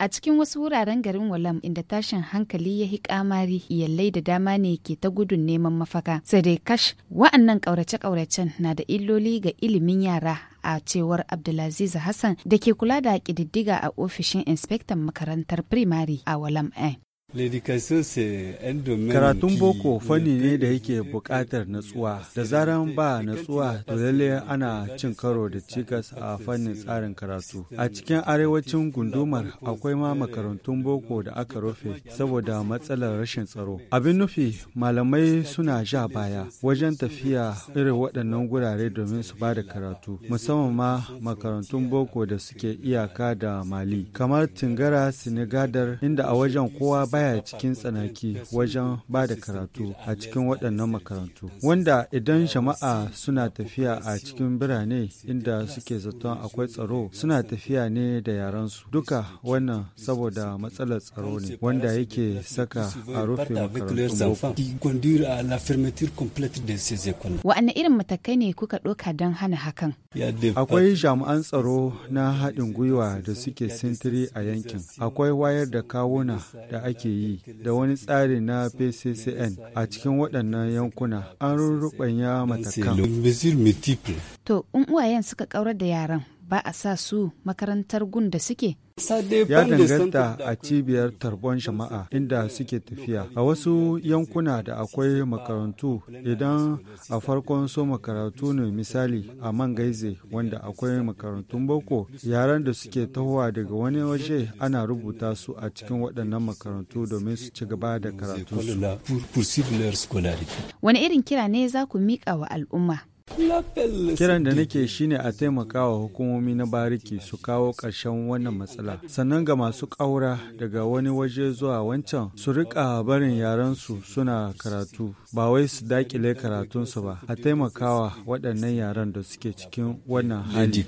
A cikin wasu wuraren garin Walam inda tashin hankali ya hi kamari iyalai da dama ne ke ta gudun neman mafaka. Sai dai kash wa'annan ƙaurace-ƙauracen na da illoli ga ilimin yara a cewar Abdulaziz Hassan da ke kula da ƙididdiga a ofishin inspektan makarantar firimare a Walam eh. Karatun boko fanni ne da yake buƙatar natsuwa. Da zaran ba natsuwa to lalle ana cin karo da cikas a fannin tsarin karatu. A cikin arewacin gundumar akwai ma makarantun boko da aka rufe saboda matsalar rashin tsaro. Abin nufi malamai suna ja baya wajen tafiya irin waɗannan gurare domin su ba da karatu. Musamman ma makarantun boko da suke iyaka da Mali. Kamar Tingara Sinigadar inda a wajen kowa baya cikin tsanaki wajen ba da karatu a cikin waɗannan makarantu wanda idan jama'a suna tafiya a cikin birane inda suke zaton akwai tsaro suna tafiya ne da yaransu duka wannan saboda matsalar tsaro ne wanda yake saka a rufe makarantu. wa'anne irin matakai ne kuka ɗauka don hana hakan akwai jami'an tsaro na haɗin gwiwa da suke sintiri a yankin akwai wayar da kawuna da ake ake yi da wani tsari na PCCN a cikin waɗannan yankuna an rurrubanya matakan. To, in uwayen suka kaurar da yaran ba a sa su makarantar gun da suke? Ya danganta a cibiyar tarbon jama'a inda suke tafiya. A wasu yankuna da akwai makarantu idan a farkon so makarantu ne misali a man gaize wanda akwai makarantun boko yaran da suke tahowa daga wani waje ana rubuta su a cikin waɗannan makarantu domin su ci gaba da karatu Wani irin kira ne za ku miƙa wa al'umma? Kiran da nake shine a taimaka wa hukumomi na bariki su kawo ƙarshen wannan matsala. Sannan ga masu ƙaura daga wani waje zuwa wancan su rika barin yaransu suna karatu ba wai su dakile karatunsu ba a taimakawa waɗannan yaran da suke cikin wannan hali.